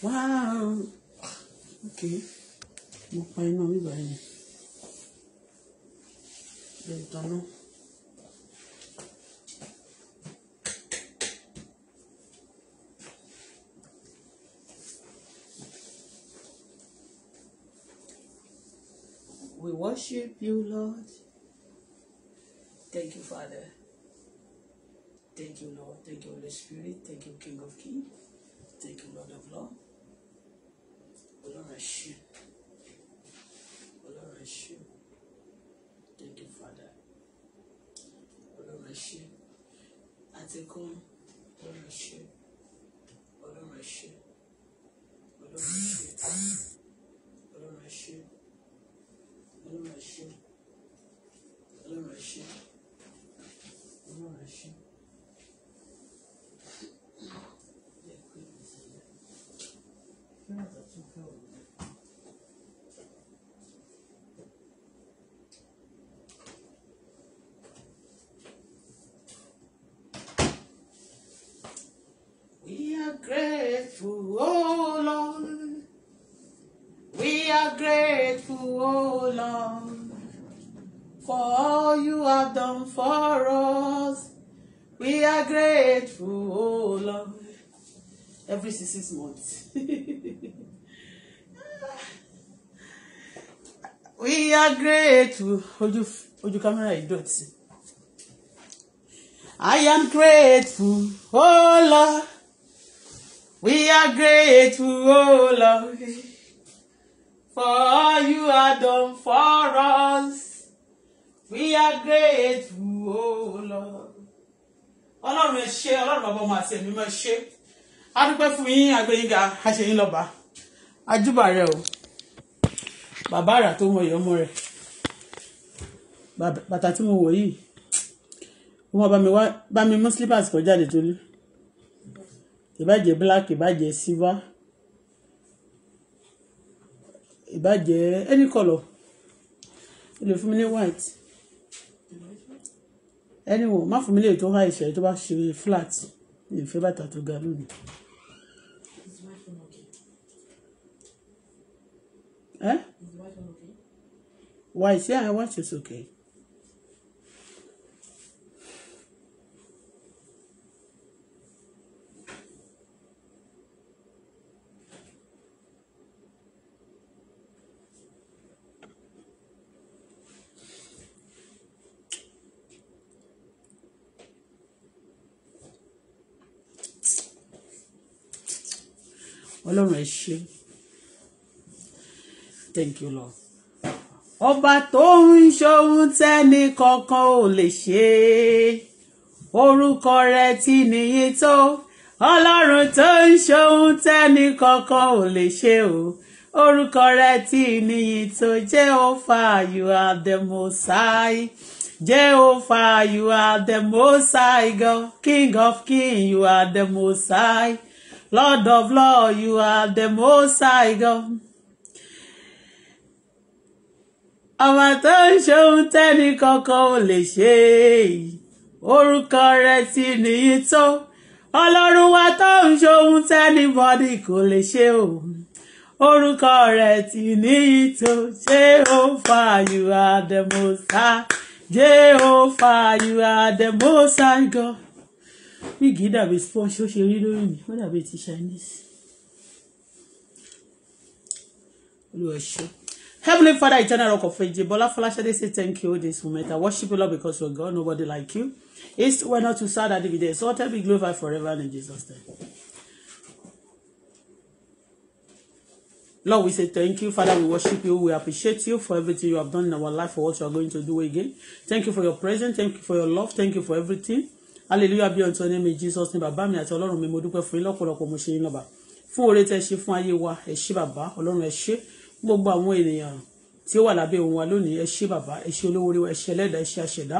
wow okay mo pa iná bíbá yẹn lè dáná. We worship you, Lord. Thank you, Father. Thank you, Lord. Thank you, Holy Spirit. Thank you, King of Kings. Thank you, Lord of Lords. Ọlọ́run ẹ ṣé Ọlọ́run ẹ ṣé thank you father Ọlọ́run ẹ ṣé àti kan Ọlọ́run ẹ ṣé Ọlọ́run ẹ ṣé Ọlọ́run ẹ ṣé Ọlọ́run ẹ ṣé Ọlọ́run ẹ ṣé Ọlọ́run ẹ ṣé Ọlọ́run ẹ ṣé. grateful, oh Lord. We are grateful, oh Lord, for all you have done for us. We are grateful, oh Lord. Every six months. We are grateful. Hold your, Ojú ojú kámẹ́rà ìdọ̀tí. I am grateful, oh Lord. We are grateful, oh Lord, for all you have done for us. We are grateful, oh Lord. Ọlọ́run ẹ ṣé, Ọlọ́run bàbá ọmọ àti ẹ̀mí mọ́ ẹ ṣé. A dúpẹ́ fún yín àgbẹ̀yìnga, a ṣe yín lọ́ba. Ajúbà rẹ o, bàbá àrà tó mọ ìyọ́mọ rẹ̀. Bàtà tí mo wọ̀ yìí, wọ́n bá mi wá bá mi mú slippers kọjá lè tolú ìbàjẹ́ black ìbàjẹ́ silver ìbàjẹ́ any colour any color. fún mi white anyway má fún mi lè tó há ìṣẹ̀lẹ̀ tó bá ṣe flat ní ìfẹ́ bàtà to ga lónìí. Eh? White, yeah, white it's okay. ọlọ́run ẹ ṣé thank you lord. ọba tó ń ṣohun tẹ́ni kankan ò lè ṣe orúkọ rẹ ti nìyí tó ọlọ́run tó ń ṣohun tẹ́ni kankan ò lè ṣe o orúkọ rẹ ti nìyí tó Jehovah you are the most high. Jehovah, you are the most high God. King of kings, you are the most high. Lord of law, you are the most high God. Ọba tó ń ṣeun tẹ́ni kankan ò lè ṣe èyí. Orúkọ rẹ̀ ti nìyí tó. Ọlọ́run wa tó ń ṣeun tẹ́ni bọ́dì kò lè ṣe o. Orúkọ rẹ̀ ti nìyí tó. Jehovah, you are the most high. Jehovah, you are the most high God wíìgì dàbí sponge ó ṣe rí lórí mi ó dàbí ti chinese olùwẹ̀ ṣe. Heavenly Father, eternal rock of ages, Bola Folashade say thank you this moment. I worship you, Lord, because you're God, nobody like you. It's we're not too sad that be So tell me glorified forever in Jesus' name. Lord, we say thank you. Father, we worship you. We appreciate you for everything you have done in our life, for what you are going to do again. Thank you for your presence. Thank you for your love. Thank you for everything hallelujah bí ọ̀ntọ́ ní mi jesus ní bàbá mi àti ọlọ́run mi mo dúpẹ́ fún yín lọ́pọ̀lọpọ̀ mo ṣe yín lọ́ba fún oore tẹ́ ṣe fún ayé wa ẹ ṣé bàbá ọlọ́run ẹ ṣé gbogbo àwọn ènìyàn tí ó wà lábẹ́ òun wa lónìí ẹ ṣé bàbá ẹ ṣé olówó orí wa ẹ ṣé ẹlẹ́dà ẹ ṣé àṣẹ̀dá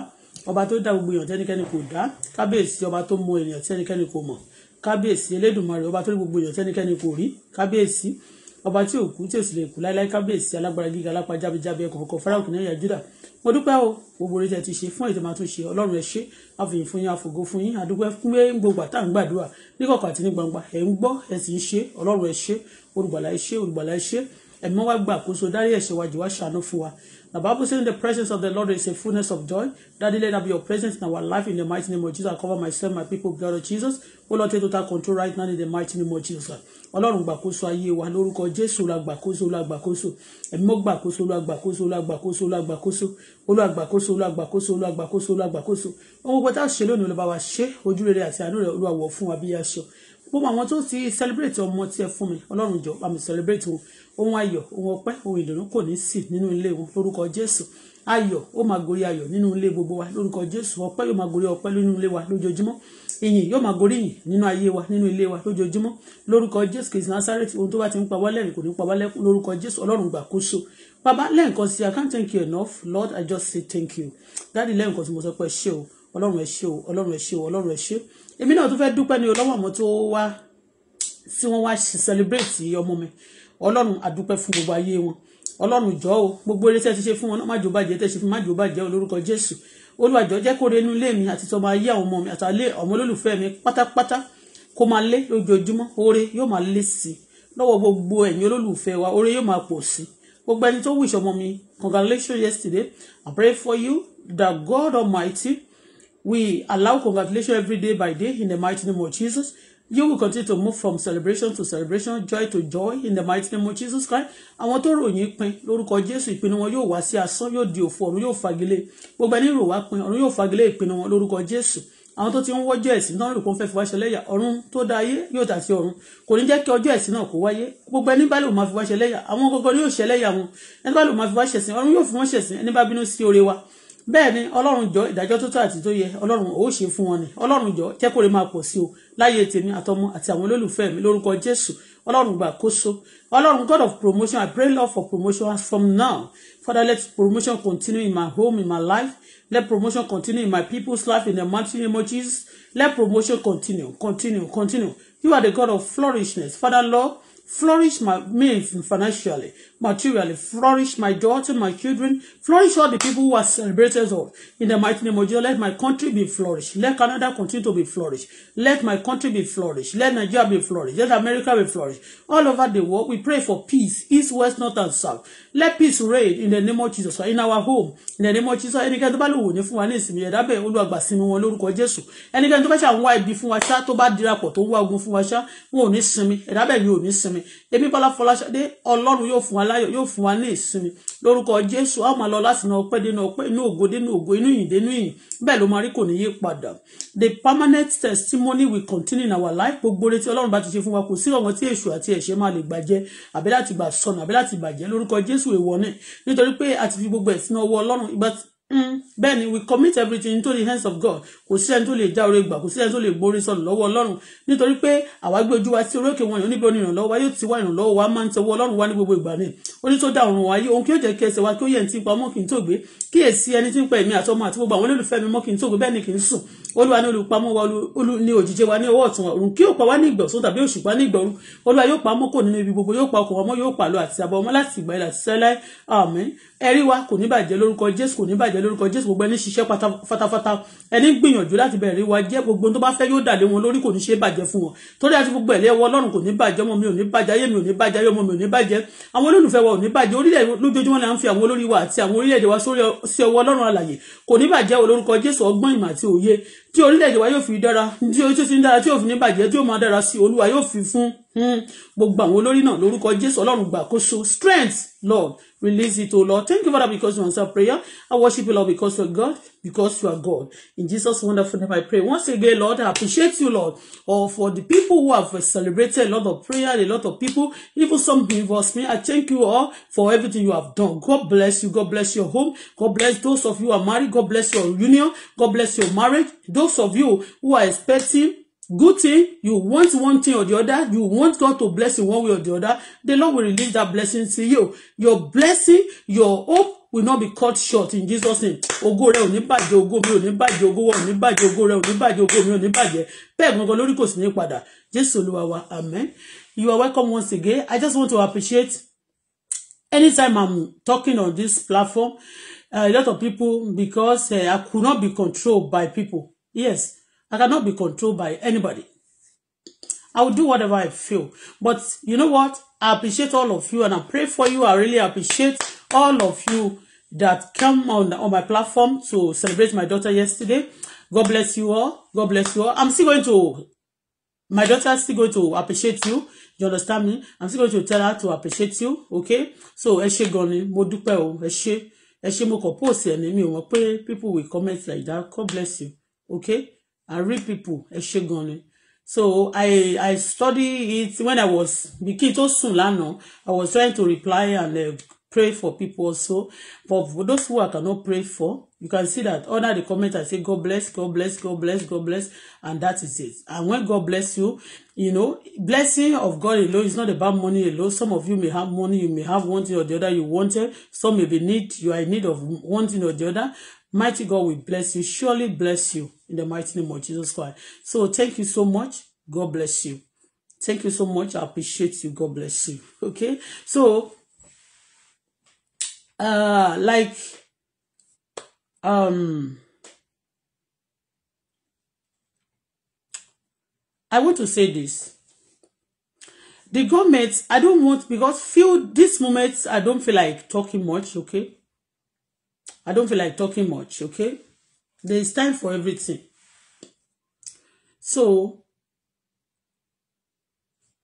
ọba tó dá gbogbo èèyàn tẹ́nikẹ́ni kò dá kábíyèsí ọba tó mọ ènìyàn tẹ́nikẹ́ni kò mọ̀ kábíyèsí elédùnmarè ọba tó ní gbogbo èèyàn tẹ́nikẹ́ni kò rí kábíyèsí ọba tí òkú tí òsì lè kú láíláí kábíyèsí alágbára gíga alápá jábíjábí ẹkọ ọkọ fáráhùn kìnìún ìyá juda mo dúpẹ́ o gbogbo orí tẹ ti ṣe fún ètò máa tún ṣe ọlọ́run ẹ ṣé àfihàn fún yín àfògo fún yín àdúgbò fún yín gbogbo àtà ń gbàdúrà níkọ̀kọ̀ àti ní gbangba ẹ̀ ń gbọ́ ẹ̀ sì ń ṣe ọlọ́run ẹ ṣé olùgbàlà ẹ ṣé olùgbàlà ẹ ṣé ẹ̀mí wá gbà àkóso dárí ẹ̀ṣẹ̀ wa jù wá ṣàánú fún wa The Bible says, in the presence of the Lord is a fullness of joy. Daddy, let there be your presence in our life in the mighty name of Jesus. I cover myself, my people, God of Jesus. O oh Lord, take total control right now in the mighty name of Jesus. Ọlọ́run gbàkóso ayé wa lórúkọ Jésù olùgbàkóso olùgbàkóso ẹ̀mọ́ gbàkóso olùgbàkóso olùgbàkóso olùgbàkóso olùgbàkóso olùgbàkóso olùgbàkóso olùgbàkóso ohun gbogbo tá a ṣe lónìí olùbá wa ṣe ojúrere àti àánú rẹ̀ Olúwa wọ̀ fún wa bí aṣọ gbogbo àwọn tó ti celebrate ọmọ tí ẹ fún mi Ọlọ́run jọ bá mi celebrate wọn ohun ayọ̀ ohun ọpẹ́ ohun ìdùnnú kò ní sí nínú ilé wọn lórúkọ Jésù ayọ̀ ó máa gorí ayọ̀ nínú ilé gbogbo wa lórúkọ Jésù ọpẹ́ yóò máa gorí ọpẹ́ nínú ilé wa lójoojúmọ́ ìyìn yóò máa gorí ìyìn nínú ayé wa nínú ilé wa lójoojúmọ́ lórúkọ Jésù Kristi Násárẹ́tì ohun tó bá ti ń pa wá kò ní pa wá lórúkọ Jésù Ọlọ́run gbà kóso I can't thank you enough Lord I just say thank you dáàdi lẹ́ẹ̀kan tí mo sọ pé ẹ ṣé o Ọlọ́run ẹ ṣé o Ọlọ́run ẹ ṣé o Ọlọ́run ẹ ṣé èmi náà celebrate ọmọ mi ọlọ́run àdúpẹ́ fún gbogbo ayé wọn ọlọ́run jọ̀ọ́ o gbogbo eré tẹ́ ti ṣe fún wọn náà má jò bàjẹ́ tẹ́ ṣe fún má jò bàjẹ́ olórúkọ jésù olúwa jẹ́ kó re ilé mi àti tọmọ ayé àwọn ọmọ mi àtàlé ọmọ olólùfẹ́ mi pátápátá kó máa lé lójoojúmọ́ oore yóò máa lé sí i lọ́wọ́ gbogbo ẹ̀yin olólùfẹ́ wa oore yóò máa pọ̀ sí i gbogbo ẹni tó wíṣọ ọmọ mi congratulations yesterday I pray for you that God Almighty we allow congratulations every day by day in the mighty name of Jesus you will continue to move from celebration to celebration joy to joy in the mighty name of Jesus Christ àwọn tó ròyìn pin lórúkọ Jésù ìpinnu wọn yóò wá sí asán yóò di òfò ọ̀run yóò fagilé gbogbo ẹni rò wá pin ọ̀run yóò fagilé ìpinnu wọn lórúkọ Jésù àwọn tó ti ń wọ́jọ́ ẹ̀sìn náà rò kó ń fẹ́ fi wá ṣẹlẹ́yà ọ̀run tó dá ayé yóò tà sí ọ̀run kò ní jẹ́ kí ọjọ́ ẹ̀sìn náà kó wáyé gbogbo ẹni bá lò máa fi wá ṣẹlẹ́yà àwọn gangan yóò ṣẹlẹ́yà wọn ẹni bá lò máa fi wá ṣẹ̀sìn ọ̀run yóò fi wọ́n ṣẹ̀sìn ẹni bá bínú sí oore wa bẹ́ẹ̀ ni ọlọ́run jọ ìdájọ́ tó tọ́ àti tó yẹ ọlọ́run ó ṣe fún wọn ni ọlọ́run jọ jẹ́ kó lè máa pọ̀ sí o láyé tèmi àtọmọ àti àwọn olólùfẹ́ mi lórúkọ jésù ọlọ́run gbà kóso ọlọ́run god of promotion i pray lord for promotion as from now father let promotion continue in my home in my life let promotion continue in my people's life in the mighty name of jesus let promotion continue continue continue you are the god of flourishness father lord flourish my means financially materially. Flourish my daughter, my children. Flourish all the people who are celebrated of. In the mighty name of Jesus, let my country be flourished. Let Canada continue to be flourished. Let my country be flourished. Let Nigeria be flourished. Let America be flourished. All over the world, we pray for peace, east, west, north, and south. Let peace reign in the name of Jesus. In our home, in the name of Jesus. Any tó bá lò wò ní fún wa ní ìsinmi ẹ̀dá bẹ́ẹ̀ olùwàgbà sinmi wọn lórúkọ Jésù. Ẹnikẹ́ni tó bá ṣà ń wá ibi fún wa ṣá tó bá dirapọ̀ tó ń wá ogun fún wa ṣá wọn ò ní sinmi ẹ̀dá bẹ́ẹ̀ yóò láyọ̀ yóò fún wa ní ìsinmi lórúkọ jésù a máa láti náà ọpẹ́ dénú ọpẹ́ inú ògo dénú ògo inú ìyìn dénú ìyìn bẹ́ẹ̀ ló máa rí kò ní yí padà the permanent testimony will continue in our life gbogbo retí ọlọ́run bá ti ṣe fún wa kò sí ọ̀wọ́n tí èṣù àti ẹ̀ṣẹ̀ máa lè gbàjẹ́ àbí láti gbà sọnù àbí láti bàjẹ́ lórúkọ jésù èèwọ̀ náà nítorí pé a fi gbogbo ẹ̀sìn ọwọ́ ọlọ́run Mm. bẹ́ẹ̀ ni we commit everything into the hands of God kò sí ẹni tó lè já oore gbà kò sí ẹni tó lè borí sọnù lọ́wọ́ Ọlọ́run nítorí pé àwa gbé ojú wa sí orí òkè wọn níbo ni ìrànlọ́wọ́ wa yóò ti wá ìrànlọ́wọ́ wa máa ń tẹwọ́ Ọlọ́run wá ní gbogbo ìgbà ni ó ní tó dá ọ̀run wa yé òun kí ó jẹ́ kí ẹsẹ̀ wa kí ó yẹ̀ ní ti pa ọmọ kì í tó gbé kíyèsí ẹni tí ń pa èmi àtọmọ àti gbogbo àwọn olólùfẹ́ mi mọ́ kì í tó gbé bẹ́ẹ̀ ni kì í sùn olúwa ní olùpamọ́ wa ní òjìjẹ wa ní ọwọ́ ọ̀tún wa òrùn kí yóò pa wá ní ìgbà ọ̀sán tàbí òṣùpá ní ìgbà ọ̀run olúwa yóò pa mọ́kò nínú ibi gbogbo yóò pa ọkọ̀ ọmọ yóò pa lọ àti àbọ̀ ọmọ láti ìgbà ilà sẹ́lẹ̀ àmín ẹ̀rí wa kò ní bàjẹ́ lórúkọ jésù kò ní bàjẹ́ lórúkọ jésù gbogbo ẹni ṣiṣẹ́ fatafata ẹni gbìyànjú láti bẹ̀rẹ̀ wa jẹ́ gbogbo tó bá fẹ́ yóò dàlé wọn lórí kò ní ṣe bàjẹ́ fún wọn torí àti gbogbo ẹ̀lẹ́ ẹwọ ọlọ́run kò ní bàjẹ́ ọmọ mi ò ní bàjẹ́ ayé mi ò ní bàjẹ́ ayé ọmọ mi ò ní bàjẹ́ àwọn olólùfẹ́ wa ò ní bàjẹ́ orílẹ̀ lójoojúmọ́ ni à ń fi àwọn olórí wa àti àwọn orílẹ̀-èdè wa sí ọwọ́ ọlọ́run alàyè kò ní bàjẹ́ olórúkọ jésù ọgbọ́n ìmọ̀ àti òye tí orílẹ̀-èdè wa yóò fi dára tí ó ti ń dára tí yóò fi ní bàjẹ́ tí ó máa dára sí olúwa yóò fi fún Hmm. gbogbo àwọn olórí náà lórúkọ jésù ọlọ́run gbàkóso strength lord release it o lord thank you father because you answer prayer i worship you lord because you are god because you are god in jesus wonderful name i pray once again lord i appreciate you lord or oh, for the people who have celebrated a lot of prayer a lot of people even some believers me i thank you all for everything you have done god bless you god bless your home god bless those of you who are married god bless your union god bless your marriage those of you who are expecting good thing you want one thing or the other you want God to bless you one way or the other the Lord will release that blessing to you your blessing your hope will not be cut short in Jesus name ògo rẹ ò ní bàjẹ́ ògo mi oni, ní bàjẹ́ ògo wa ò ní bàjẹ́ ògo rẹ ò ní bàjẹ́ ògo mi ò ní bàjẹ́ bẹ́ẹ̀ gangan lórí kò sì ní padà Jésù Olúwa amen you are welcome once again I just want to appreciate anytime I'm talking on this platform uh, a lot of people because uh, I could not be controlled by people yes I cannot be controlled by anybody. I will do whatever I feel. But you know what? I appreciate all of you and I pray for you. I really appreciate all of you that come on, on my platform to celebrate my daughter yesterday. God bless you all. God bless you all. I'm still going to, my daughter is still going to appreciate you. You understand me? I'm still going to tell her to appreciate you. Okay? So, ẹ goni gan ni, mo dúpẹ́ o, ẹ ṣé, mo kàn post ẹ̀ mi ò mọ̀ people will comment like that. God bless you. Okay? I read people ẹ ṣe gan ni so I I study it when I was bikin tó sùn lánàá I was trying to reply and uh, pray for people also but for those who I cannot pray for you can see that under the comment I say God bless God bless God bless God bless and that is it and when God bless you you know blessing of God alone is not about money alone some of you may have money you may have one thing or the other you wanted some may be need you are in need of one thing or the other Mighty God will bless you, surely bless you in the mighty name of Jesus Christ. So thank you so much. God bless you. Thank you so much. I appreciate you. God bless you. Okay. So uh like um I want to say this. The government, I don't want because feel this moment I don't feel like talking much, okay? I don't feel like talking much, okay? There is time for everything. So,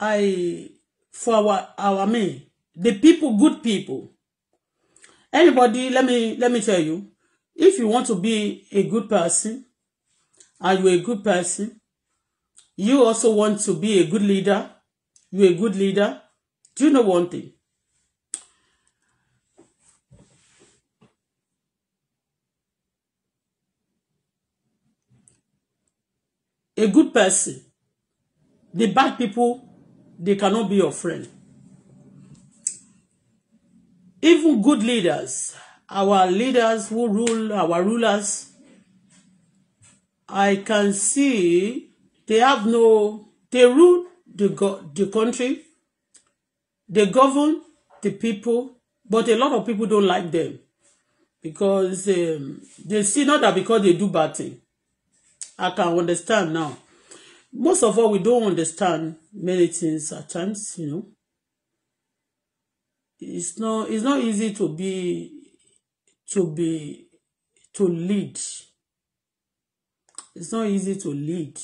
I, for our, our men, the people, good people, anybody, let me, let me tell you, if you want to be a good person, and you're a good person, you also want to be a good leader, you're a good leader, do you know one thing? a good person the bad people they cannot be your friend even good leaders our leaders who rule our rulers I can see they have no they rule the go the country they govern the people but a lot of people don't like them because um, they see not that because they do bad thing I can understand now. Most of all, we don't understand many things at times, you know. It's not it's not easy to be to be to lead. It's not easy to lead.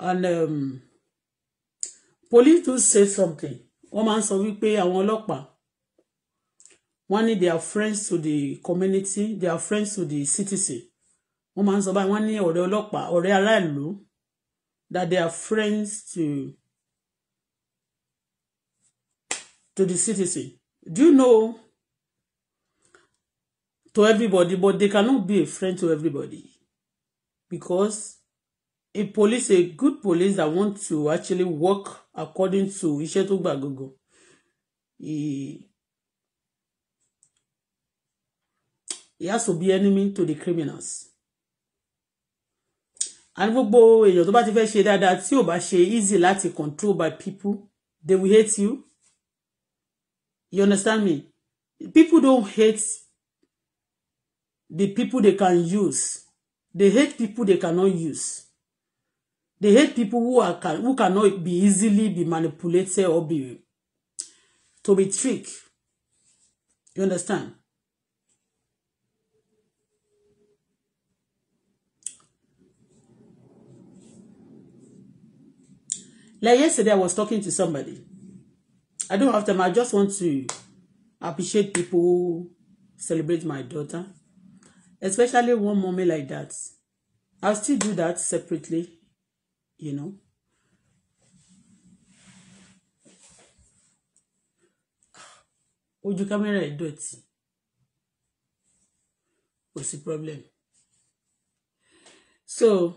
And um, police do say something. Wọ́n máa ń sọ wípé àwọn ọlọ́pàá wọ́n ní they are friends to the community they are friends to the citizen wọ́n máa ń sọ báyìí wọ́n ní ọ̀rẹ́ ọlọ́pàá ọ̀rẹ́ aráàlú that they are friends to to the citizen do you know to everybody but they cannot be a friend to everybody because a police a good police that want to actually work according to iṣẹ́ tó gbà gbogbo he has to be enemy to the criminals and gbogbo èèyàn tó bá ti fẹ́ ṣe dáadáa tí ò bá ṣe easy láti control by people they will hate you you understand me people don't hate the people they can use they hate people they cannot use they hate people who are can, who cannot be easily be manipulated or be to be tricked you understand Like yesterday, I was talking to somebody. I don't have time. I just want to appreciate people who celebrate my daughter, especially one moment like that. I'll still do that separately, you know. Would you come here and do it? What's the problem. So.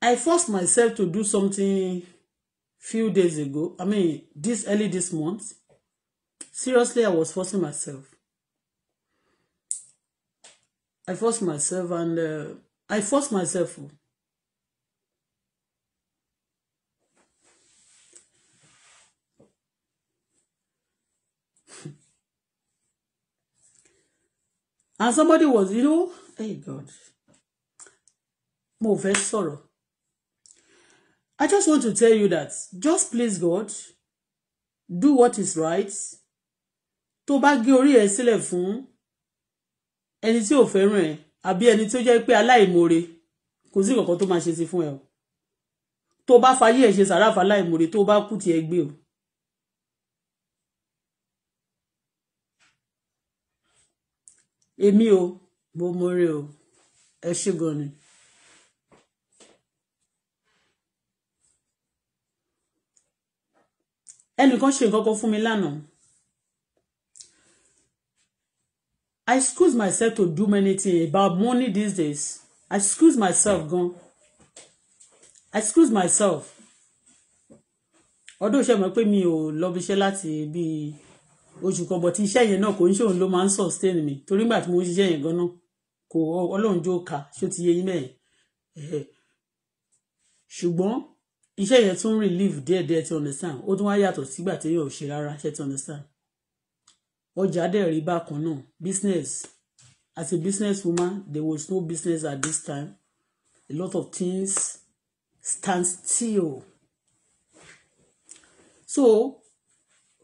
I forced myself to do something few days ago. I mean, this early this month. Seriously, I was forcing myself. I forced myself and uh, I forced myself. and somebody was, you know, hey God, move fẹ́ sọ̀rọ̀. I just want to tell you that just please God do what is right tó bá gé orí ẹ sílẹ̀ fún ẹni tí ò fẹ́ràn ẹ àbí ẹni tí ó jẹ́ pé aláìmoore kò sí kankan tó máa ṣe sí fún ẹ o tó bá fayé ẹ ṣe sàráàfà aláìmoore tó bá kú tiẹ̀ o. èmi o mo mọ̀ọ́rẹ́ o ẹ ṣé ẹnìkan ṣe nǹkan kan fún mi lánàá I excuse myself to do many things about money these days I excuse myself gan I excuse myself ọdún iṣẹ́ mọ̀ pé mi ò lọ́bi iṣẹ́ láti bíi oṣù kan bọ̀ tí iṣẹ́ yẹn náà kò ń ṣòun ló máa ń sustain mi torí nígbà tí mo ń ṣiṣẹ́ yẹn gan-an kò ọlọ́run jó ka ṣó ti yé yín mẹ́yìn ṣùgbọ́n iṣẹ́ yẹn tún relief díẹ̀díẹ̀ ti understand ó tún wá yàtọ̀ sígbà tí yóò ṣe rárá ṣe ti understand ọjà dẹ̀ rí bákan náà business as a business woman there was no business at this time a lot of things stand still so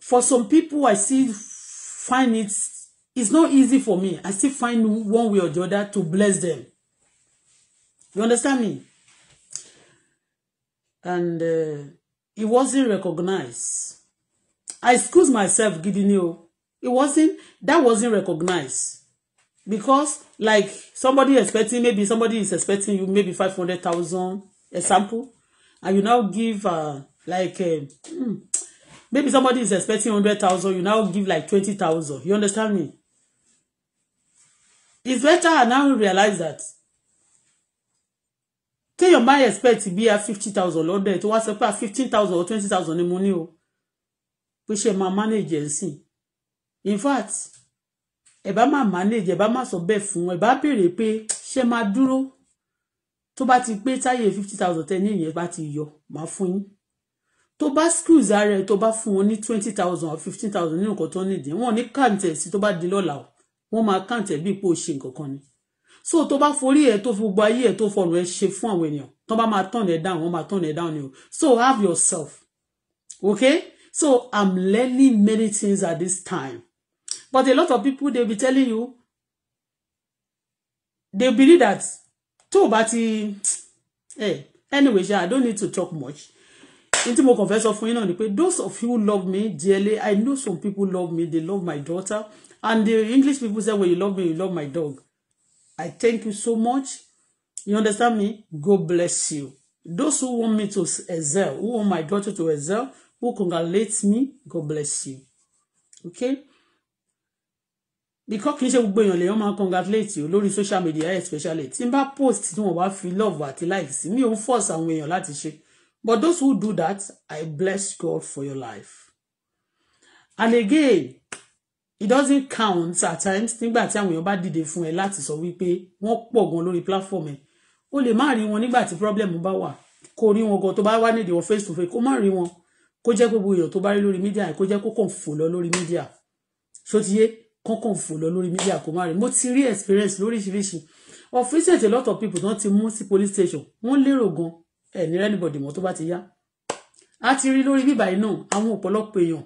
for some people I still find it it's not easy for me I still find one way or the other to bless them you understand me and uh, it wasn't recognized. I excuse myself, Gideon. It wasn't, that wasn't recognized. Because, like, somebody expecting, maybe somebody is expecting you maybe 500,000, example, and you now give, uh, like, uh, maybe somebody is expecting 100,000, you now give like 20,000. You understand me? It's better I now realize that téèyàn bá expect bí a fifty thousand lọ́dọ̀ ẹ̀ tó wá sọ pé a fifteen thousand or twenty thousand ni mo ní o pé ṣe máa manage ẹ̀ sìn in fact ẹ bá máa manage ẹ bá máa sọ bẹ́ẹ̀ fún ẹ bá béèrè pé ṣe máa dúró tó bá ti pé táyé fifty thousand tẹ́ ní ìyẹn bá ti yọ máa fún yín tó bá schools ara ẹ tó bá fún wọn ní twenty thousand or fifteen thousand ní nǹkan tó nídìí wọn ní kàǹtẹ̀ sí tó bá di lọ́la o wọ́n máa kàǹtẹ̀ bí ipò ṣe nǹkan kan ni so tó bá forí ẹ̀ tó fi gbogbo ayé ẹ̀ tó fọ̀rọ̀ ẹ̀ ṣe fún àwọn ènìyàn tó bá máa turn ẹ̀ down wọ́n máa turn ẹ̀ down ni o so have yourself okay so I'm learning many things at this time but a lot of people they be telling you they believe that tó o bá ti eh anyway sha I don't need to talk much ntí mo kàn fẹ́ sọ fún yín ni pé those of you love me dearly I know some people love me they love my daughter and the English people say when you love me you love my dog I thank you so much. You understand me? God bless you. Those who want me to excel, who want my daughter to excel, who congratulates me, God bless you. Okay? because kì í ṣe gbogbo èèyàn lèèyàn máa congratulate o lórí social media especially tí n bá post tí wọn bá fi love àti like sí mi ò ń force àwọn èèyàn láti ṣe but those who do that I bless God for your life and again it doesn't count at times nígbà tí àwọn èèyàn bá dìde fún ẹ láti sọ wípé wọ́n pọ̀ gan lórí platform ẹ o lè má rí wọn nígbà tí problem bá wà kó rí wọn gan tó bá wá nídìí wọn face to face kó má rí wọn kó jẹ́ gbogbo èèyàn tó bá rí lórí media. kó jẹ́ kó kàn fò lọ lórí mídíà ṣótiyé kọ́kàn fò lọ lórí mídíà kó má rí mo ti rí experience lóríṣiríṣi of recent a lot of people don ti mú sí police station wọ́n lérò gan ẹ̀ ní anybody mọ́ tó bá ti yá a ti rí lórí bíbá yìí náà àwọn ọ̀pọ̀lọpọ̀ èèyàn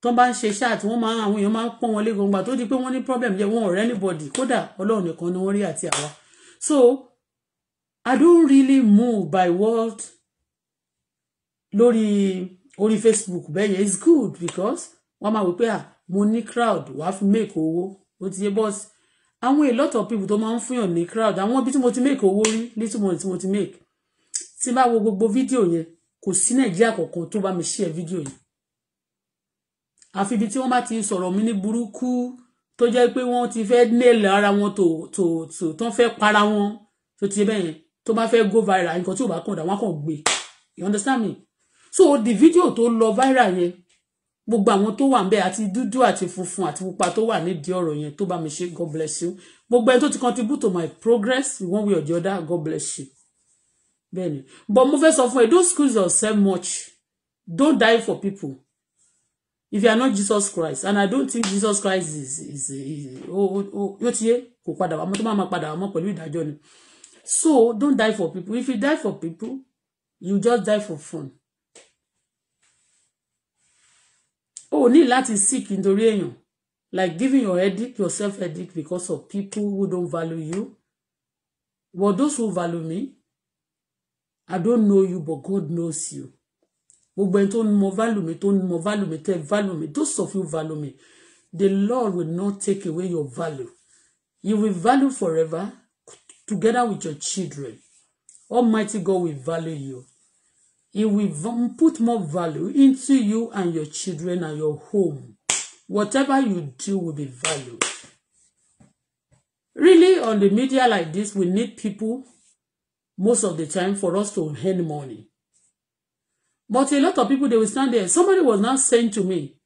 tó bá ń ṣe iṣẹ́ àti wọ́n máa àwọn èèyàn máa ń pọ́n wọn lé gbọ̀ngbà tó di pé wọ́n ní problem yẹ wọn ọ̀rẹ́ anybody kódà ọlọ́run nìkan ni wọ́n rí àti àwa so I don't really move by what lórí orí Facebook bẹ́ẹ̀ yẹn it's good because wọ́n máa wí pé ah mo ní crowd wàá fi make owó ó ti yẹ bọ́ọ̀sì àwọn a lot of people tó máa ń fúnyàn ní crowd àwọn ibi tí mo ti make owó rí little money tí mo ti make tí n bá wo gbogbo fídíò yẹn kò sí Nàìjíríà kọ̀ọ̀kan tó bá mi share fídíò yẹn àfi ibi tí wọ́n bá ti sọ̀rọ̀ mi ní burúkú tó jẹ́ pé wọ́n ti fẹ́ nail ara wọn tó tó tó tán fẹ́ para wọn tó ti bẹ́ẹ̀ yẹn tó bá fẹ́ go viral nǹkan tí ò bá kàn dà wọ́n kàn gbé you understand me so the video tó lọ viral yẹn gbogbo àwọn tó wà ń bẹ àti dúdú àti funfun àti pupa tó wà nídìí ọ̀rọ̀ yẹn tó bá mi ṣe god bless you gbogbo ẹni tó ti contribute to my progress in one way or the other god bless you bẹ́ẹ̀ni but mo fẹ́ sọ fún ẹ don't excuse yourself much don't die for people if you are not Jesus Christ and I don't think Jesus Christ is is oh, oh, oh, yóò ti yé kò padà wá mọ́ tó máa ma padà wá mọ́ pẹ̀lú ìdájọ́ ni so don't die for people if you die for people you just die for fun o oh, ní láti sick. nítorí èèyàn like giving your headache yourself headache because of people who don't value you but those who value me I don't know you but God knows you gbogbo ẹni tó ń mọ value mi tó ń mọ value mi tẹ value mi those of you value me. the Lord will not take away your value you will value forever together with your children Almighty God will value you he will put more value into you and your children and your home whatever you do will be valued really on the media like this we need people most of the time for us to earn money but a lot of people they will stand there somebody was now saying to me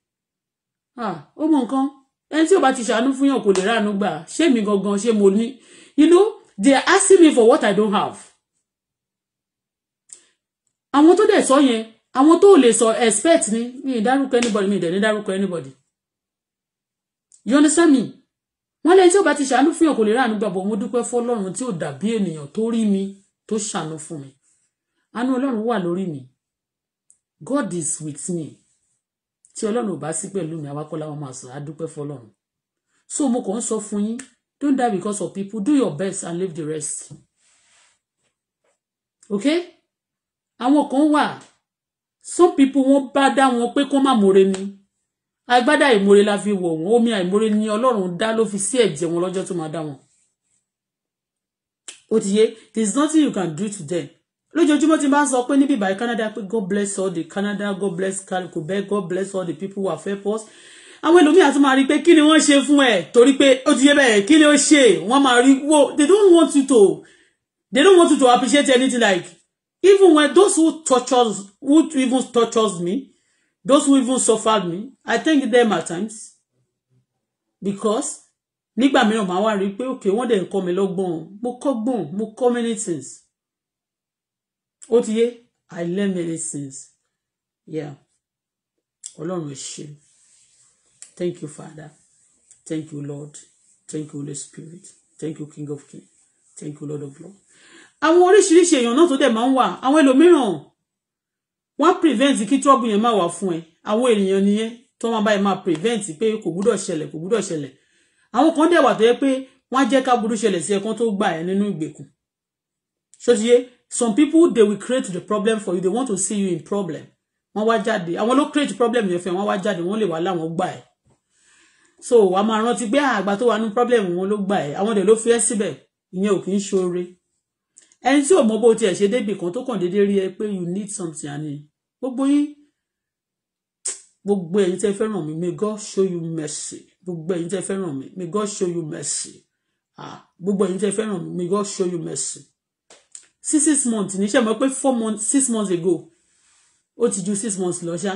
ah ó mọ nǹkan ẹni tí ó bá ti ṣàánú fún yàn kò lè ráàánú gbà ṣé mi gangan ṣé mo ní you know they are asking me for what I don't have àwọn tó dẹ̀ sọ yẹn àwọn tó lè sọ expect ni mi ìdárúkọ anybody mi ìdẹ̀ ní dárúkọ anybody you understand me wọ́n lẹ́yìn tí ó bá ti ṣàánú fún yàn kò lè ráàánú gbà bọ̀ mo dúpẹ́ fọlọ́run tí ò dàbí ènìyàn tó rí mi tó ṣàánú fún mi àánú ọlọ́run wà lórí mi God is with me tí ọlọ́run ò bá sí pẹ̀lú mi àwa kọ́ la máa sọ àdúpẹ́ fọlọ́run so mo kàn ń sọ fún yín don't die because of people do your best and leave the rest okay àwọn kan wà some people wọ́n bá dá wọn pé kó má more ni agbádá ìmore la fi wọ̀ wọ́n omi àìmore ni ọlọ́run dá ló fi sí ẹ̀jẹ̀ wọn lọ́jọ́ tó máa dá wọn ó yé there is nothing you can do to them lójoojúmọ́ tí n bá sọ pé níbi by Canada pé God bless all the Canada God bless Quebec God bless all the people who have helped us àwọn ẹlòmíà tún máa rí i pé kí ni wọ́n ṣe fún ẹ torí pé ó ti yé bẹ́ẹ̀ kí ni ó ṣe wọ́n máa rí wo they don't want you to they don't want you to appreciate anything like even when those who tortures who even tortures me those who even suffered me I thank them at times because nígbà mìíràn máa wá rí i pé okay wọ́n dẹ̀ ń kọ́ mi lọ́gbọ́n mo kọ́gbọ́n mo kọ́ many things ó ti yé i learn many things yeah ọlọ́run ẹ ṣé thank you father thank you lord thank you holy spirit thank you king of kings thank you lord of lords àwọn oríṣiríṣi èèyàn náà tó dẹ̀ máa ń wà àwọn ẹlòmíràn wọ́n prevent kí trouble yẹn máa wà fún ẹ àwọn ènìyàn nìyẹn tó máa báyìí máa prevent pé kò gbúdọ̀ ṣẹlẹ̀ kò gbúdọ̀ ṣẹlẹ̀ àwọn kan dẹ̀ wà tó yẹ pé wọ́n á jẹ́ ká burú ṣẹlẹ̀ sí ẹ̀kan tó gbà ẹ́ nínú ìgbèkùn ṣó ti yé some people they will create the problem for you they want to see you in problem wọ́n wá jáde àwọn ló create problem yẹn fẹ́ wọ́n wá jáde wọ́n lè wá láwọn gbà ẹ̀ so wàá máa rántí pé ah, àgbà tó wà ní problem wọn ló gbà ẹ̀ àwọn dẹ̀ ló fi ẹ́ síbẹ̀ ìyẹn ò kì í ṣoore ẹni tí ò mọ bó tiẹ̀ ṣe débì kan tó kàn déédé rí ẹ pé you need something and gbogbo yín gbogbo ẹ̀yin tẹ́ fẹ́ràn mi may God show you mercy gbogbo ẹ̀yin tẹ́ fẹ́ràn mi may God show you mercy ah gbogbo ẹ̀yin tẹ́ fẹ́ràn mi may God show you mercy sí six months níṣẹ́ mọ̀ pé four months six months ago ó ti ju six months lọ ṣá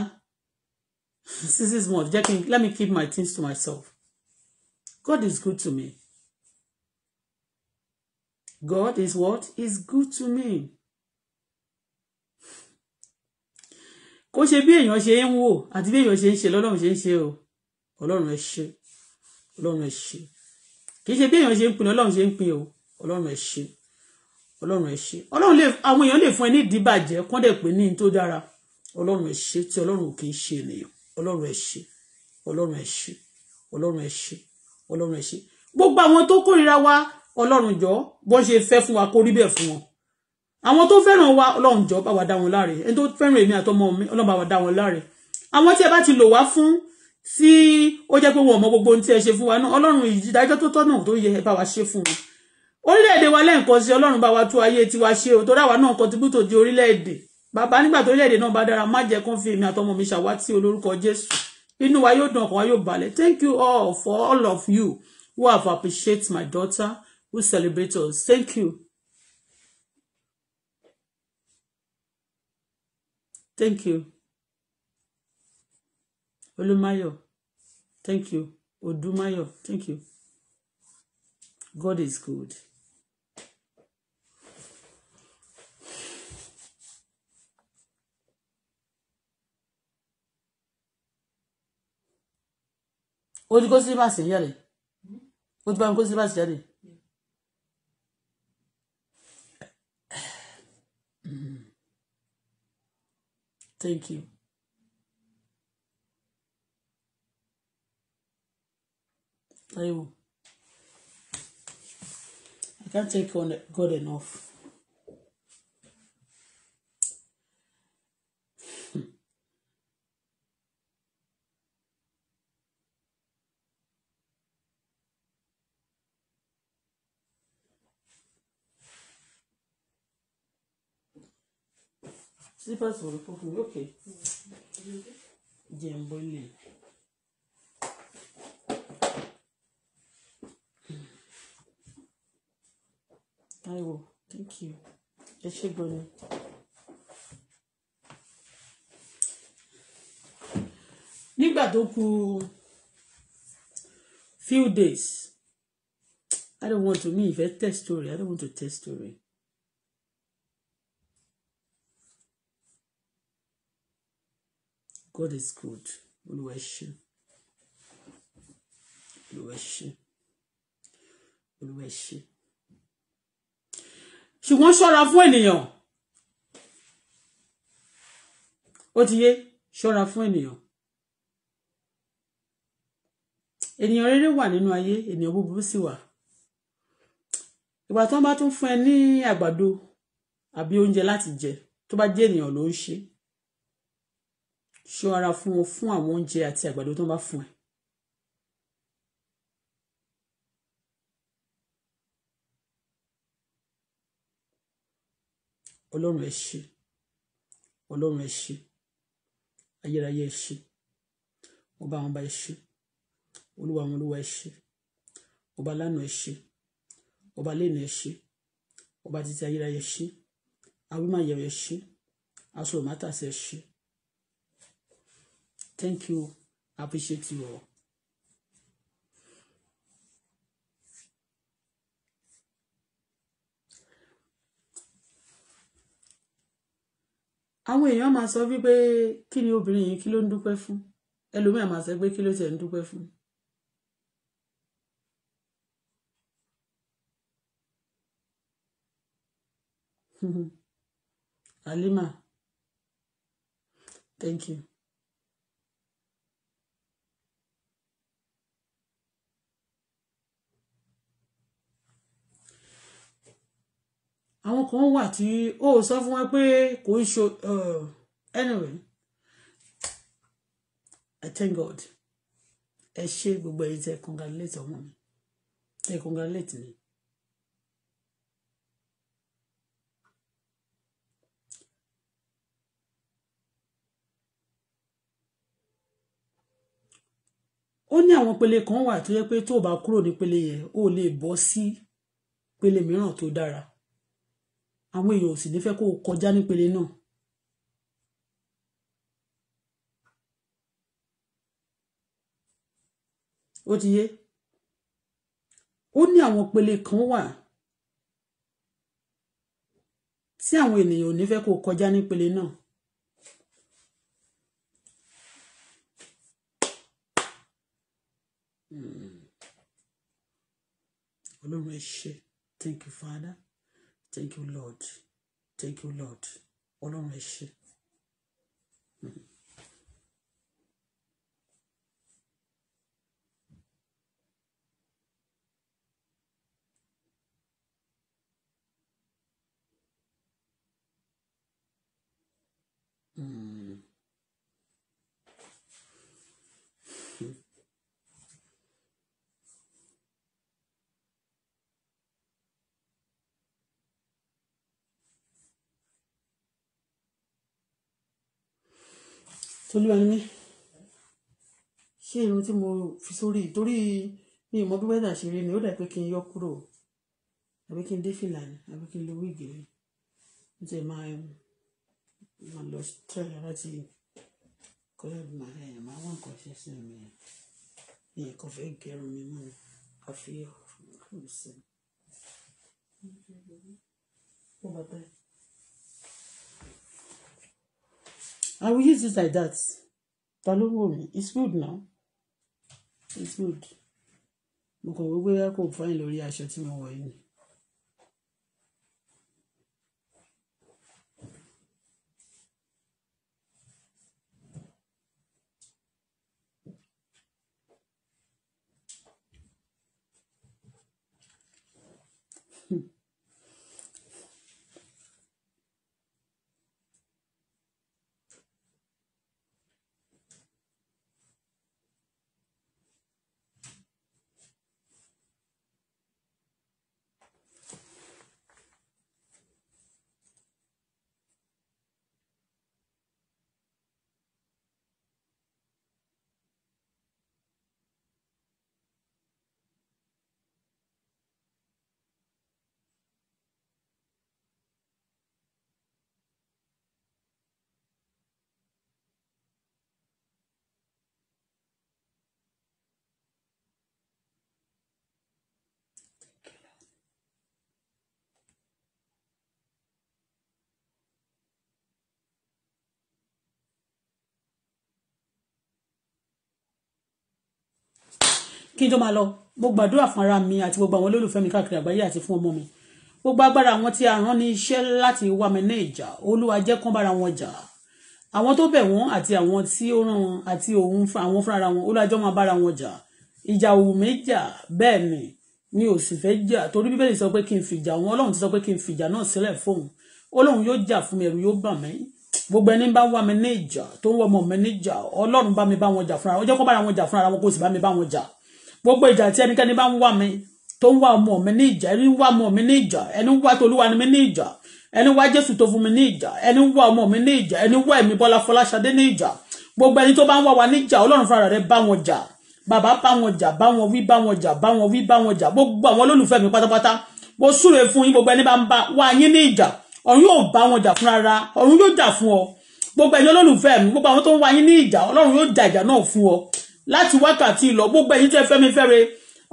Six six months jẹ́ kí n let me keep my things to myself God is good to me God is what is good to me kó ṣe bí èèyàn ṣe ń wò àti bí èèyàn ṣe ń ṣe lọ́lọ́run ṣe ń ṣe o ọlọ́run ẹ ṣé ọlọ́run ẹ ṣé kì í ṣe bí èèyàn ṣe ń pin ọlọ́run ṣe ń pin o ọlọ́run ẹ ṣé ọlọ́run ẹ ṣé ọlọ́run lè àwọn èèyàn lè fún ẹ ní ìdíbàjẹ́ kán dẹ̀ pé ní tó dára ọlọ́run ẹ ṣé tí ọlọ́run kì í ṣe ènìyàn ọlọ́run ẹ ṣé ọlọ́run ẹ ṣé ọlọ́run ẹ ṣé ọlọ́run ẹ ṣé gbogbo àwọn tó kórìíra wa ọlọ́run jọ bọ́n ṣe fẹ́ fún wa kó rí bẹ́ẹ̀ fún wọn àwọn tó fẹ́ràn wa ọlọ́run jọ bá wa dá wọn láre ẹni tó fẹ́ràn èmi àtọmọ mi ọlọ́run bá wa dá wọn láre àwọn tí ẹ bá ti lò wá fún tí ó jẹ́ pé wọn mọ gbogbo ohun tí ẹ ṣe fún wa náà ọlọ́run ìdájọ́ tó tọ́ náà tó yẹ ẹ bá wa ṣe fún wọn orílẹ̀-èdè wa lẹ́ǹkan sí ọlọ́run bá wa tú ayé tiwa ṣe o torí àwa náà contribute di orílẹ̀-èdè bàbá nígbà tó orílẹ̀-èdè náà bá dára má jẹ́ kó fi èmi àtọmọ mi ṣàwátì olórúkọ jésù inú wa yóò dùn ọkàn wa yóò balẹ̀ thank you all for all of you who have appreciated my daughter who celebrate us thank you. thank you olùmáyọ̀ thank you odùmáyọ̀ thank you God is good. o ti kó sílíbàsì jáde o ti bá mi kó sílíbàsì jáde. Thank you. I can't take on God enough. slippers wò ló kó fún mi ok jẹ́ ń bọ́ thank you ẹ ṣé gan ni. nígbà tó kù few days I don't want to me ìfẹ́ tell story I don't want to tell story. God is good. Olúwa ẹ ṣé. Olúwa ẹ ṣé. Olúwa ẹ ṣé. Ṣùgbọ́n ṣọ́ra fún ènìyàn. Ó ti yé ṣọ́ra fún ènìyàn. Ènìyàn rere wà nínú ayé, ènìyàn búburú sì wà. Ìgbà tí wọ́n bá tún fún ẹ ní àgbàdo àbí oúnjẹ láti jẹ, tó bá jẹ́ ènìyàn ló ń ṣe ṣọ́ ara fún wọn fún àwọn oúnjẹ àti àgbàdo tó ń bá fún ẹ. ọlọ́run ẹ ṣé ọlọ́run ẹ ṣé ayérayé ẹ ṣé ọba àwọn ọba ẹ ṣé olúwa àwọn olúwa ẹ ṣé ọba lánàá ẹ ṣé ọba lẹ́nu ẹ ṣé ọba títí ayérayé ẹ ṣé awímáyẹ̀wò ẹ ṣé aṣọ òmátàsí ẹ ṣé. Thank you. I appreciate you all. àwọn èèyàn máa sọ wípé kí ni obìnrin yìí kí ló ń dúpẹ́ fún ẹlòmíà máa sọ pé kí ló tiẹ̀ ń dúpẹ́ fún. Halima thank you. àwọn kan wà tí ó sọ fún wọn pé kò ń ṣe anyway I thank God ẹ ṣe gbogbo ẹ̀yin tẹ́ congratulate ọmọ mi tẹ́ congratulate mi. ó ní àwọn pele kan wà tó yẹ pé tó o bá kúrò ní pele yẹn ó lè bọ́ sí pele mìíràn tó dára àwọn èèyàn ò sì ní fẹ́ kó o kọjá nípele náà. ó ti yé ó ní àwọn pele kan wà tí àwọn ènìyàn ò ní fẹ́ kó kọjá nípele náà. Ọlọ́run hmm. ẹ thank you Father. Thank you, Lord. Thank you, Lord. Ọlọ́run Mm. tolúwa ni mí ṣé irun tí mo fi sórí torí mi ò bí wẹ́dà ṣe rí ni ó dà pé kí n yọ kúrò àbí kí n dé fìlà ni àbí kí n lo wíìgì ni mo ti máa máa lọ tẹ́lẹ̀ láti kọ́lá bí màá yẹn máa wọ́n nǹkan ṣe sí mi yẹn mi yẹn kò fẹ́ gẹrun mi mú àfi ọ̀hún sí i. I will use this like that. Ta ló wò It's good now. It's good. Mo kàn wọ́n gbé kò fáyín lórí aṣọ tí mo wọ̀ yìí kí n tó máa lọ mo gbàdúrà fún ara mi àti gbogbo àwọn olólùfẹ́ mi káàkiri àgbáyé àti fún ọmọ mi gbogbo agbára àwọn tí a rán ní iṣẹ́ láti wá mi ní ìjà olúwa jẹ́ kán bára wọn jà àwọn tó bẹ̀ wọ́n àti àwọn tí ó ràn àti òun àwọn fúnra wọn olúwa jọ máa bára wọn jà ìjà òun mi jà bẹ́ẹ̀ ni mi ò sì fẹ́ jà torí bíbélì sọ pé kí n fìjà wọn ọlọ́run ti sọ pé kí n fìjà náà sílẹ̀ fóun ọlọ́run yóò jà fún mi ẹ̀rù yóò bà mí gbogbo ẹni bá wá mi ní ìjà tó ń wọ́ ọmọ mi ní ọlọ́run bá mi bá wọn jà fúnra wọn jẹ́ bára wọn jà fúnra wọn kó sì bá mi bá wọn jà gbogbo ìjà tí ẹnikẹ́ni bá ń wá mi tó ń wá ọmọ mi ní ìjà ẹni ń wá ọmọ mi ní ìjà ẹni ń wá tolúwa mi ní ìjà ẹni ń wá jésù tó fún mi ní ìjà ẹni ń wá ọmọ mi ní ìjà ẹni ń wá ẹ̀mí bọ́lá fọláṣadé ní ìjà gbogbo ẹni tó bá ń wá wa ní ìjà ọlọ́run fúnra rẹ̀ bá wọn jà bàbá bá wọn jà bá wọn wí bá wọn jà bá wọn wí bá wọn jà gbogbo àwọn olólùfẹ́ mi pátápátá mo súre fún yín gbogbo ẹni bá ń bá wá yín ní ìjà ọ̀run yóò bá wọn jà fúnra ra ọ̀run yóò jà fún ọ gbogbo ẹni olólùfẹ́ mi gbogbo àwọn tó ń wá yín ní ìjà ọlọ́run yóò jà ìjà náà fún ọ láti wákàtí lọ gbogbo ẹ̀yin tẹ́ fẹ́ mi fẹ́re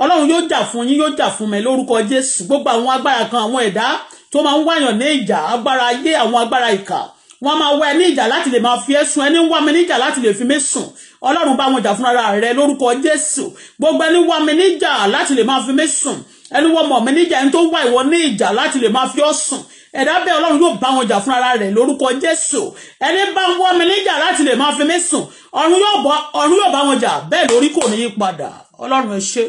ọlọ́run yóò jà fún yín yóò jà fún mi lórúkọ jésù gbogbo àwọn agbára kan àwọn ẹ̀dá tó máa ń wáyàn ní ìjà agbára ayé àwọn agbára ìkà wọ́n máa wá ẹni ìjà láti lè máa fi ẹ́ sùn ẹni wá mi níjà láti lè fi mí sùn ọlọ́run bá wọn jà fúnra rẹ lórúkọ jésù gbogbo ẹni wá mi níjà láti lè máa fi mí sùn ẹni wọ́n mọ̀ mi níjà ẹni tó wá ìwọ ní ìjà láti lè máa fi ọ́ sùn ẹ̀dá bẹ́ẹ̀ ọlọ́run yóò bá wọn jà fún ara rẹ̀ lórúkọ jésù ẹni bá ń wọ́ mi níjà láti lè máa fi mí sùn ọ̀run yóò bá wọn jà bẹ́ẹ̀ lórí kò ní í padà ọlọ́run ẹ ṣé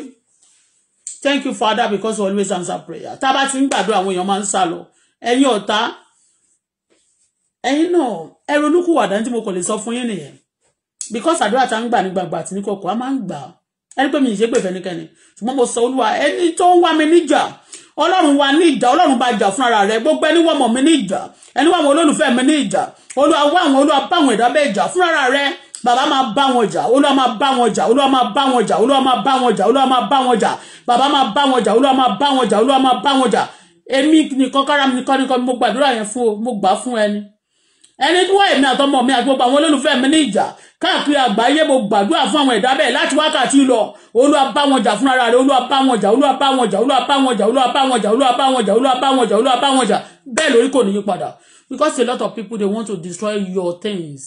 thank you father because you always answer prayer tá a bá ti ń gbàdúrà àwọn èèyàn máa ń sá lọ ẹ̀yin ọ̀tá ẹ̀yin náà ẹ̀rọ olúkúwàdà tí mo kò lè sọ fún yín nìyẹn because àdúrà tá ń gbà ní àti ní kọ̀kọ̀ a máa ń gbà á ẹni pé mi ì ṣe pé fẹ́nikẹ́ni ṣùgbọ́n mo sọ olúwa ẹni tó ń wá mi níjà ọlọ́run wa ní ìjà ọlọ́run bá jà fúnra rẹ̀ gbogbo ẹni wọ́n mọ̀ mi ní ìjà ẹni wọ́n àwọn olólùfẹ́ mi ní ìjà olúwa wá àwọn olúwa bá àwọn ẹ̀dá bẹ́ẹ̀ jà fúnra rẹ̀ bàbá máa bá wọn jà olúwa máa bá wọn jà olúwa máa bá wọn jà olúwa máa bá wọn jà olúwa máa bá wọn jà bàbá máa bá wọn jà olúwa máa bá wọn jà olúwa máa bá wọn jà èmi nìkan kára mi nìkan nìkan mo gbàdúrà yẹn fún o mo gbà fún ẹni ẹni tí wọ́n èmi àtọmọ mi àti gbogbo àwọn olólùfẹ́ mi ní ìjà káàkiri àgbáyé mo gbàdúrà fún àwọn ẹ̀dá bẹ́ẹ̀ láti wákàtí lọ olúwa bá wọn jà fúnra rẹ̀ olúwa bá wọn jà olúwa bá wọn jà olúwa bá wọn jà olúwa bá wọn jà olúwa bá wọn jà olúwa bá wọn jà olúwa bá wọn jà bẹ́ẹ̀ lórí kò ní yí padà because a lot of people they want to destroy your things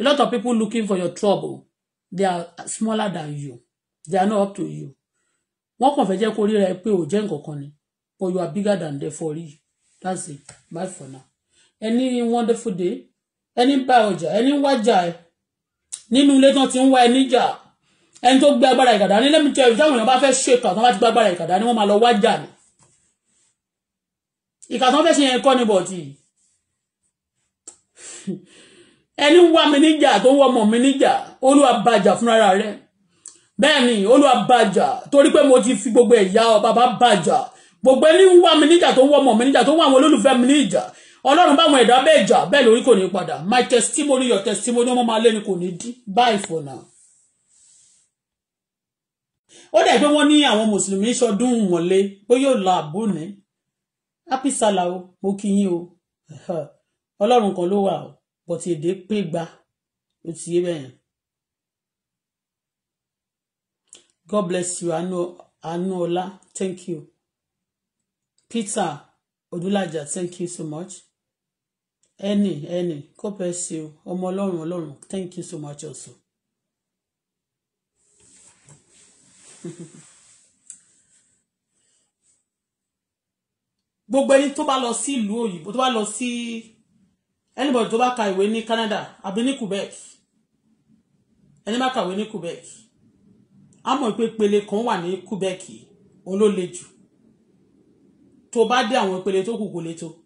a lot of people looking for your trouble they are smaller than you they are not up to you wọ́n kàn fẹ́ jẹ́ kó ríra ẹ pé ò jẹ́ nǹkan ni but you are bigger than them for real that's it bye for now any wonderful day ẹni bá ọjà ẹni wájà ẹ nínú ilé tán ti ń wá ẹni jà ẹni tó gbé agbára ìkàdá ní lẹ́mi tẹ́ ìjáwọn èèyàn bá fẹ́ ṣèkà tán bá ti gbé agbára ìkàdá ni wọ́n máa lọ wájà ni ìkà tán fẹ́ ṣe yẹn kọ́ ni bọ̀tì ẹni wá mi níjà tó wọ́ ọmọ mi níjà olúwa bàjà fúnra rẹ̀ bẹ́ẹ̀ ni olúwa bàjà torí pé mo ti fi gbogbo ẹ̀yà ọ bàbá bàjà gbogbo ẹni wá mi níjà tó wọ́ ọmọ mi níjà tó wọ́ àwọn olólùfẹ́ mi níjà ọlọ́run báwọn ẹ̀dá bẹ́ẹ̀ jà bẹ́ẹ̀ lórí kò ní padà my testimony your testimony ọmọ máa lé ni kò ní dín bye for now. ó dẹ̀ pé wọ́n ní àwọn mùsùlùmí sọdún mọ̀lẹ́ pé yóò la àbú ní happy salah o mo kí yín o ọlọ́run kan ló wà o but èdè pé gba ó ti yé bẹ́ẹ̀ yẹn. God bless you anu anuola thank you Peter Odulaja thank you so much ẹnì ẹnì kó pẹ́ sí o ọmọ ọlọ́run ọlọ́run thank you so much also. gbogbo ẹni tó bá lọ sí ìlú òyìnbó tó bá lọ sí anybody tó bá ka ìwé ní Canada àbí ní Quebec ẹni bá kàwé ní Quebec a mọ̀ pé ìpele kan wà ní Quebec òun ló le jù tó bá dé àwọn ìpele tó kù kò le tó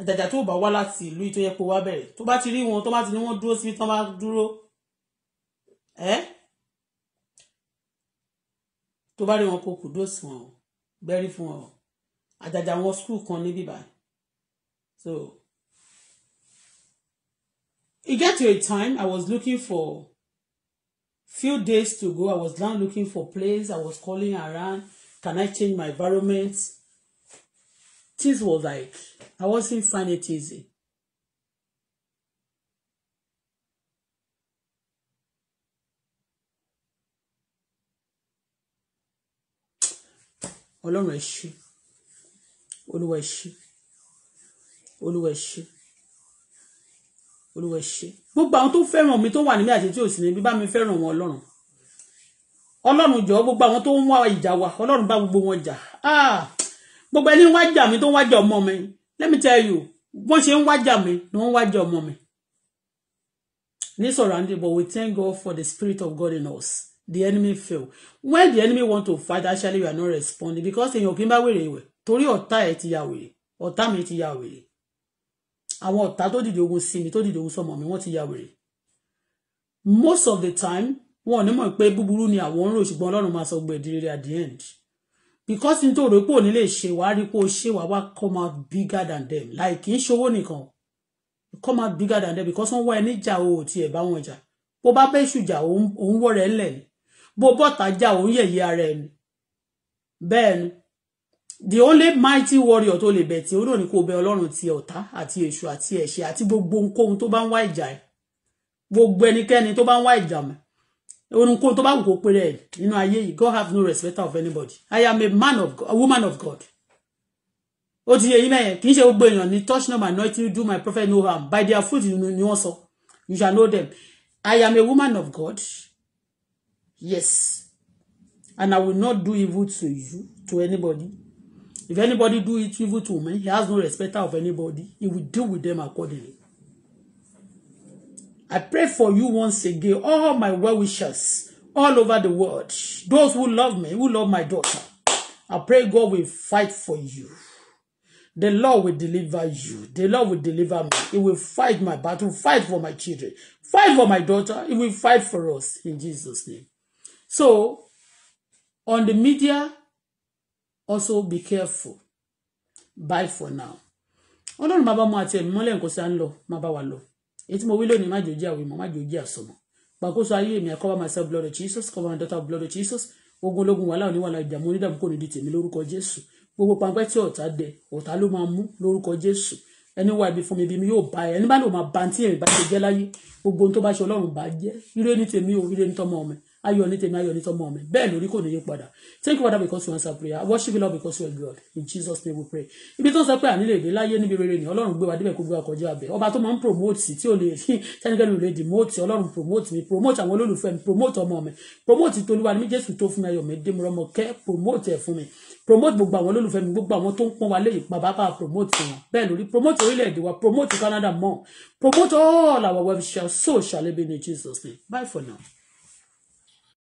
àjàjà tó bá wá láti ìlú tó yẹ kó wá bẹ̀rẹ̀ tó bá ti rí wọn tó bá ti ní wọn dúró síbi tó bá dúró ẹ tó bá rí wọn kó kù dó sí wọn gbẹ́rí fún wọn àjàjà wọn skul kan níbí báyìí so e get to a time I was looking for few days to go I was down looking for place I was calling around can I change my environment things was like I wasn't find it easy. Ọlọ́run ẹ ṣé Olúwa ẹ ṣé Olúwa ẹ ṣé Olúwa ẹ ṣé gbogbo àwọn tó fẹ́ràn mi tó wà níbí àti tí ò sí níbí bá mi fẹ́ràn wọn Ọlọ́run Ọlọ́run jọ̀ọ́ gbogbo àwọn tó ń wá ìjà wa Ọlọ́run bá gbogbo wọn jà áà. Ah! gbogbo ẹni ń wájà mi tó ń wájà ọmọ mi let me tell you bó ṣe ń wájà mi ni wọ́n ń wájà ọmọ mi ní surrounding but we thank God for the spirit of God in us the enemy fail when the enemy want to fight actually we are not responding because èèyàn kì í bá wèrè ìwẹ̀ torí ọ̀tá ẹ̀ ti ya wèrè ọ̀tá mi ti ya wèrè àwọn ọ̀tá tó dìde ogun sí mi tó dìde ogun sọmọ mi wọ́n ti ya wèrè most of the time wọn ò ní mọ̀ pé búburú ni àwọn ń rò ṣùgbọ́n Ọlọ́run máa sọ gbẹ̀dìrẹ́rẹ́ at the end because nítorí rò pé òní lè ṣe wàá rí pé o ṣe wàá wá come out bigger than them like kì í ṣowó nìkan come out bigger than them because wọ́n wá ẹni jà o ò tiẹ̀ bá wọn jà bó bá bẹ́ ṣùjà òun wọ́ rẹ̀ ńlẹ̀ ni bó bọ́ta jà òun yẹ̀yẹ́ ara ẹni bẹ́ẹ̀ ni the only mighty warrior tó lè bẹ̀ tí ó náà ni kò bẹ ọlọ́run ti ọ̀tá àti èṣù àti ẹ̀ṣẹ̀ àti gbogbo ohunkóhun tó bá ń wá ìjà ẹ̀ gbogbo ẹnikẹ́ni tó bá ń wá ìjà mọ́ ohunkóhun tó bá wù kó pé rẹ̀ nínú ayé yìí God have no respecter of anybody I am a man of God, a woman of God ó ti yẹ yín mẹ́yẹn kì í ṣe gbogbo èèyàn ní touch not my anointing do my prophet no harm by their food ni wọ́n sọ you shall know them I am a woman of God yes and I will not do evil to you to anybody if anybody do it evil to me he has no respecter of anybody he will deal with them accordingly I pray for you once again, all my well wishers all over the world, those who love me, who love my daughter. I pray God will fight for you. The Lord will deliver you. The Lord will deliver me. He will fight my battle, fight for my children, fight for my daughter. He will fight for us in Jesus' name. So, on the media, also be careful. Bye for now. Ọlọ́run bàbá mu àti ẹ̀mí mọ́lẹ̀ nǹkan sí à ń lọ, má bá wa lọ èyí tí mo wí lónìí má jòjì àwìmọ̀ má jòjì àsomọ̀ gbàkóso ayé mi àkọ́bá myself blood of Jesus cover my daughter blood of Jesus ogun ológun wàhálà oníwàhálà ìdààmú onídààmú kò ní di tèmi lórúkọ Jésù gbogbo pampẹ́ tí ọ̀tá dẹ ọ̀tá ló máa mú lórúkọ Jésù ẹni wá ibi fún mi bí mi yóò bá ẹ ẹni bá lò máa ba tí èmi bá ṣe jẹ́ láyé gbogbo ohun tó bá ṣe Ọlọ́run bá jẹ́ ire ní tèmi o ire ní tọmọ ọmọ ayọ̀ ní tèmi ayọ̀ ní tọmọ mi bẹ́ẹ̀ lórí kò ní yí padà thank you father because you answer prayer worship you lord because you are God in Jesus name we pray ibi tó ń sọ pé ànílè dé láyé níbi rere ni ọlọ́run gbé wa débẹ̀ kó gbé wa kọjá abẹ ọba tó máa ń promote tí ò lè tẹnikẹ́ni ò lè demote ọlọ́run promote mi promote àwọn olólùfẹ́ mi promote ọmọ mi promote tolúwa mi jésù tó fún mi ayọ̀ mi dé mi rọmọ kẹ́ promote ẹ̀ fún mi promote gbogbo àwọn olólùfẹ́ mi gbogbo àwọn tó ń pọ́n wa lẹ́yìn pa bàbá promote wọn bẹ́ẹ̀ lórí promote orílẹ̀-èdè wa promote Canada mọ́ promote all our web shall so shall it be in Jesus name bye for now.